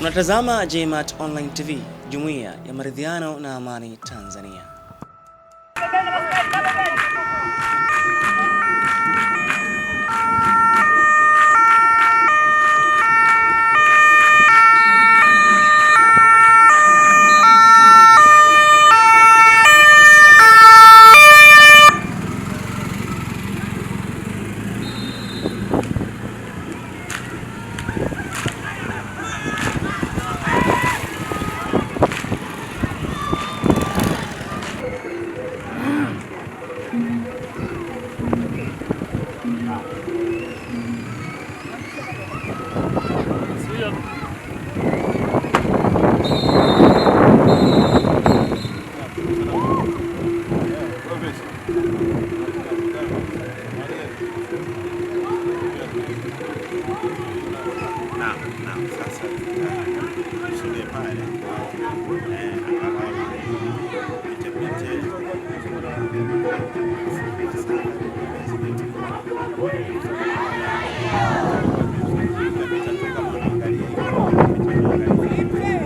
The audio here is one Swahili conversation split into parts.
Unatazama JMAT Online TV, Jumuiya ya Maridhiano na Amani Tanzania.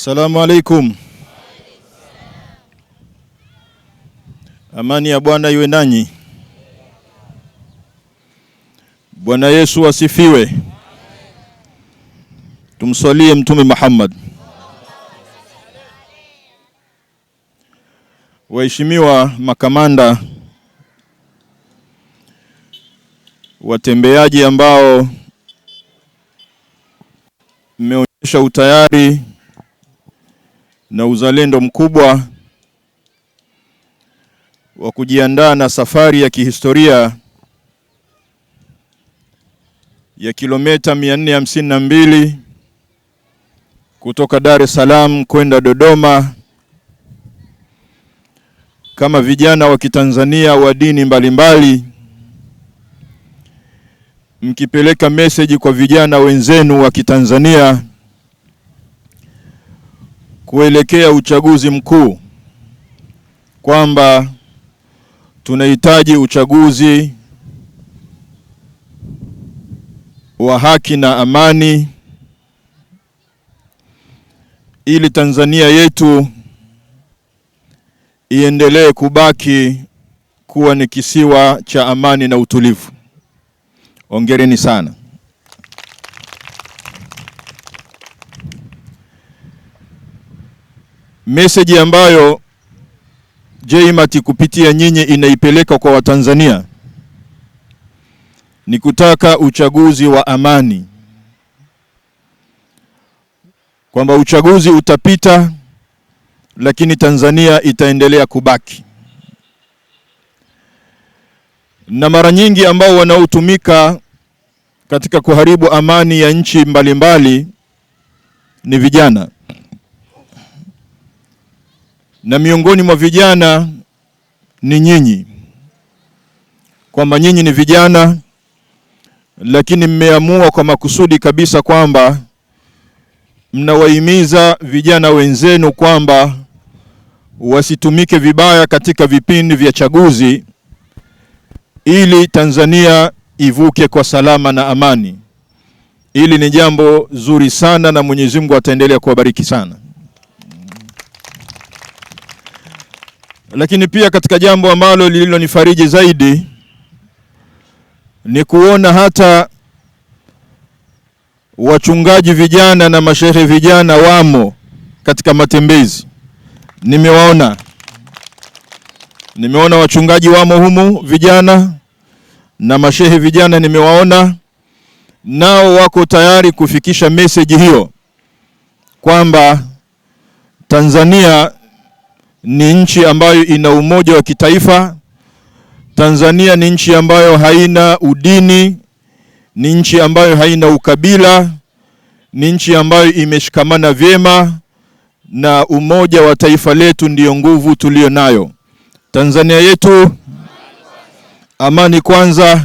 Assalamu alaikum. Amani ya Bwana iwe nanyi. Bwana Yesu asifiwe. Tumsalie Mtume Muhammad. Waheshimiwa makamanda watembeaji ambao mmeonyesha utayari na uzalendo mkubwa wa kujiandaa na safari ya kihistoria ya kilomita 452 kutoka Dar es Salaam kwenda Dodoma kama vijana wa Kitanzania wa dini mbalimbali mkipeleka meseji kwa vijana wenzenu wa Kitanzania kuelekea uchaguzi mkuu kwamba tunahitaji uchaguzi wa haki na amani ili Tanzania yetu iendelee kubaki kuwa ni kisiwa cha amani na utulivu. Hongereni sana. meseji ambayo JMAT kupitia nyinyi inaipeleka kwa Watanzania ni kutaka uchaguzi wa amani, kwamba uchaguzi utapita, lakini Tanzania itaendelea kubaki. Na mara nyingi ambao wanaotumika katika kuharibu amani ya nchi mbalimbali ni vijana na miongoni mwa vijana ni nyinyi, kwamba nyinyi ni vijana, lakini mmeamua kwa makusudi kabisa kwamba mnawahimiza vijana wenzenu kwamba wasitumike vibaya katika vipindi vya chaguzi ili Tanzania ivuke kwa salama na amani. Hili ni jambo zuri sana na Mwenyezi Mungu ataendelea kuwabariki sana. Lakini pia katika jambo ambalo lililonifariji zaidi ni kuona hata wachungaji vijana na mashehe vijana wamo katika matembezi. Nimewaona, nimeona wachungaji wamo humu vijana na mashehe vijana, nimewaona nao wako tayari kufikisha meseji hiyo kwamba Tanzania ni nchi ambayo ina umoja wa kitaifa. Tanzania ni nchi ambayo haina udini, ni nchi ambayo haina ukabila, ni nchi ambayo imeshikamana vyema, na umoja wa taifa letu ndiyo nguvu tuliyo nayo. Tanzania yetu, amani kwanza.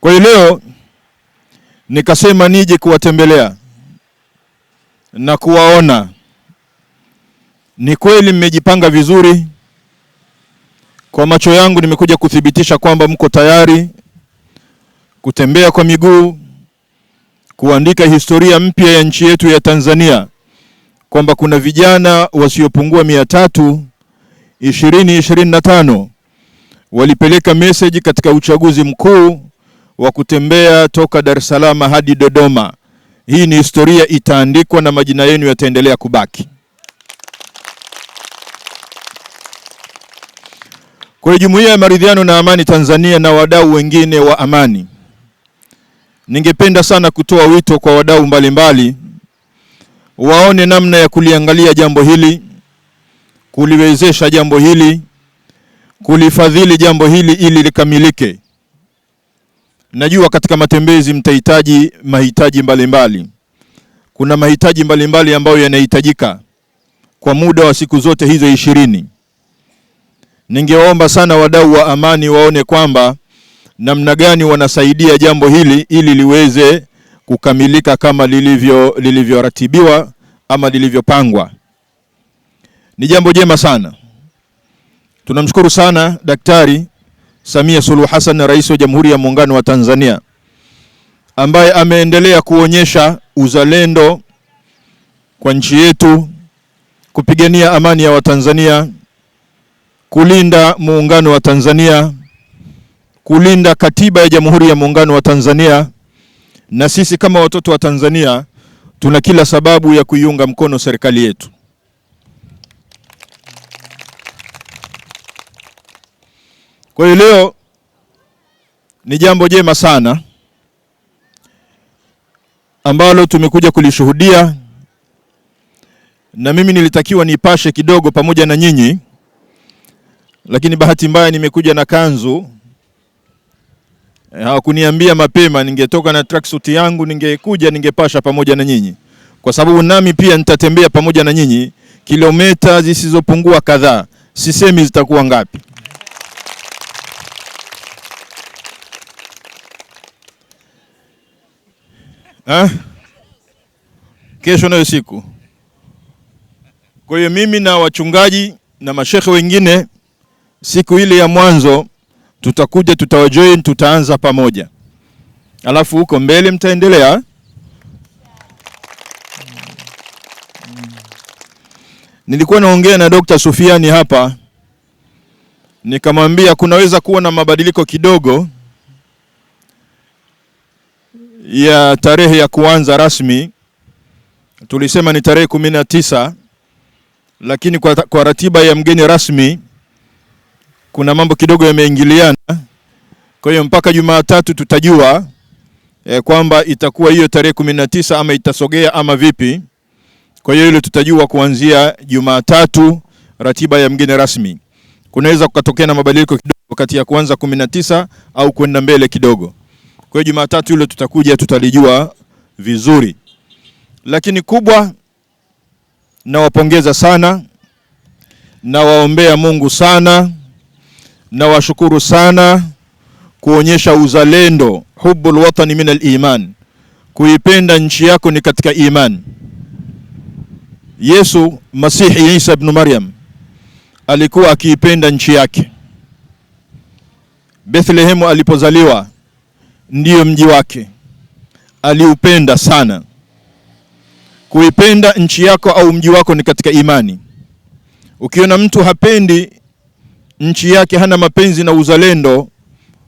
Kwa hiyo leo nikasema nije kuwatembelea na kuwaona ni kweli mmejipanga vizuri. Kwa macho yangu nimekuja kuthibitisha kwamba mko tayari kutembea kwa miguu, kuandika historia mpya ya nchi yetu ya Tanzania, kwamba kuna vijana wasiopungua mia tatu ishirini ishirini na tano walipeleka meseji katika uchaguzi mkuu wa kutembea toka Dar es Salaam hadi Dodoma. Hii ni historia itaandikwa na majina yenu yataendelea kubaki. Kwa Jumuiya ya Maridhiano na Amani Tanzania na wadau wengine wa amani, ningependa sana kutoa wito kwa wadau mbalimbali waone namna ya kuliangalia jambo hili, kuliwezesha jambo hili, kulifadhili jambo hili ili likamilike. Najua katika matembezi mtahitaji mahitaji mbalimbali mbali. Kuna mahitaji mbalimbali mbali ambayo yanahitajika kwa muda wa siku zote hizo ishirini. Ningewaomba sana wadau wa amani waone kwamba namna gani wanasaidia jambo hili ili liweze kukamilika kama lilivyo lilivyoratibiwa ama lilivyopangwa. Ni jambo jema sana. Tunamshukuru sana Daktari Samia Suluhu Hassan, Rais wa Jamhuri ya Muungano wa Tanzania, ambaye ameendelea kuonyesha uzalendo kwa nchi yetu, kupigania amani ya Watanzania kulinda muungano wa Tanzania, kulinda katiba ya Jamhuri ya Muungano wa Tanzania, na sisi kama watoto wa Tanzania tuna kila sababu ya kuiunga mkono serikali yetu. Kwa hiyo leo ni jambo jema sana ambalo tumekuja kulishuhudia, na mimi nilitakiwa nipashe kidogo pamoja na nyinyi lakini bahati mbaya nimekuja na kanzu, eh, hawakuniambia mapema. Ningetoka na tracksuit yangu ningekuja, ningepasha pamoja na nyinyi, kwa sababu nami pia nitatembea pamoja na nyinyi kilomita zisizopungua kadhaa, sisemi zitakuwa ngapi. Ha? Kesho nayo siku. Kwa hiyo mimi na wachungaji na mashehe wengine siku ile ya mwanzo tutakuja, tutawajoin, tutaanza pamoja, alafu huko mbele mtaendelea. Nilikuwa naongea na Dr. Sufiani hapa nikamwambia kunaweza kuwa na mabadiliko kidogo ya tarehe ya kuanza rasmi. Tulisema ni tarehe kumi na tisa, lakini kwa, kwa ratiba ya mgeni rasmi kuna mambo kidogo yameingiliana, kwa hiyo mpaka Jumatatu tutajua e, kwamba itakuwa hiyo tarehe kumi na tisa ama itasogea ama vipi. Kwa hiyo hilo tutajua kuanzia Jumatatu ratiba ya mgeni rasmi. Kunaweza kukatokea na mabadiliko kidogo kati ya kuanza kumi na tisa au kwenda mbele kidogo. Kwa hiyo Jumatatu ile tutakuja tutalijua vizuri, lakini kubwa nawapongeza sana, nawaombea Mungu sana nawashukuru sana kuonyesha uzalendo, hubbul watani min aliman, kuipenda nchi yako ni katika iman. Yesu Masihi Isa ibn Maryam alikuwa akiipenda nchi yake. Bethlehemu alipozaliwa ndiyo mji wake, aliupenda sana. Kuipenda nchi yako au mji wako ni katika imani. Ukiona mtu hapendi nchi yake hana mapenzi na uzalendo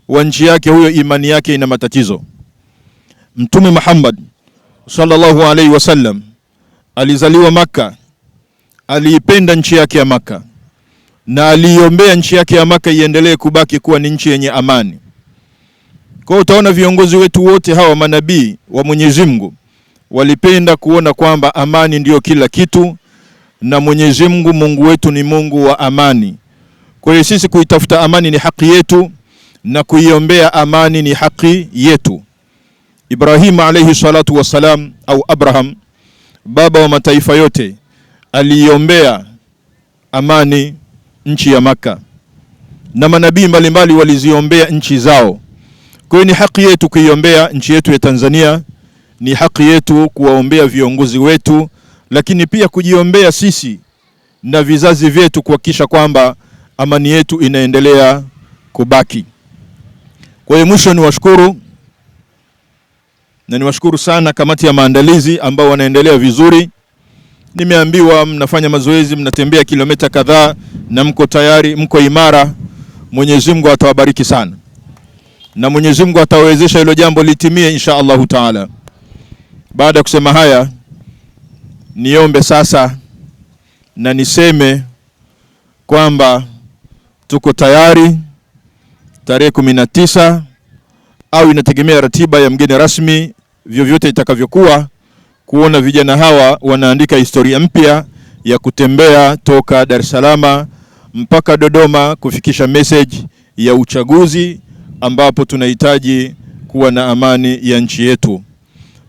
wa nchi yake, huyo imani yake ina matatizo. Mtume Muhammad sallallahu alaihi wasallam alizaliwa Makka, aliipenda nchi yake ya Makka na aliiombea nchi yake ya Makka iendelee kubaki kuwa ni nchi yenye amani. Kwa hiyo utaona viongozi wetu wote hawa manabii wa Mwenyezi Mungu walipenda kuona kwamba amani ndiyo kila kitu, na Mwenyezi Mungu Mungu wetu ni Mungu wa amani. Kwa hiyo sisi kuitafuta amani ni haki yetu na kuiombea amani ni haki yetu. Ibrahim alayhi salatu wassalam, au Abraham, baba wa mataifa yote, aliiombea amani nchi ya Maka, na manabii mbalimbali waliziombea nchi zao. Kwa hiyo ni haki yetu kuiombea nchi yetu ya Tanzania, ni haki yetu kuwaombea viongozi wetu, lakini pia kujiombea sisi na vizazi vyetu kuhakikisha kwamba amani yetu inaendelea kubaki. Kwa hiyo mwisho niwashukuru na niwashukuru sana kamati ya maandalizi ambao wanaendelea vizuri. Nimeambiwa mnafanya mazoezi, mnatembea kilomita kadhaa na mko tayari, mko imara. Mwenyezi Mungu atawabariki sana na Mwenyezi Mungu atawezesha hilo jambo litimie insha Allahu taala. Baada ya kusema haya, niombe sasa na niseme kwamba tuko tayari tarehe kumi na tisa au inategemea ratiba ya mgeni rasmi, vyovyote itakavyokuwa, kuona vijana hawa wanaandika historia mpya ya kutembea toka Dar es Salaam mpaka Dodoma kufikisha message ya uchaguzi, ambapo tunahitaji kuwa na amani ya nchi yetu.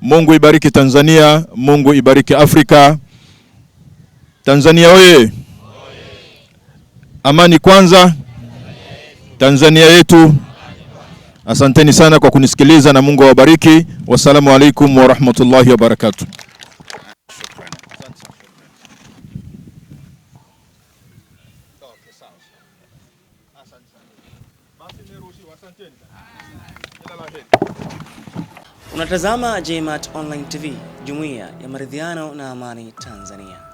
Mungu ibariki Tanzania, Mungu ibariki Afrika. Tanzania oye! Amani kwanza, Tanzania yetu. Asanteni sana kwa kunisikiliza na Mungu awabariki. Wassalamu alaikum warahmatullahi wabarakatuh. Unatazama JMAT Online TV, Jumuiya ya Maridhiano na Amani Tanzania.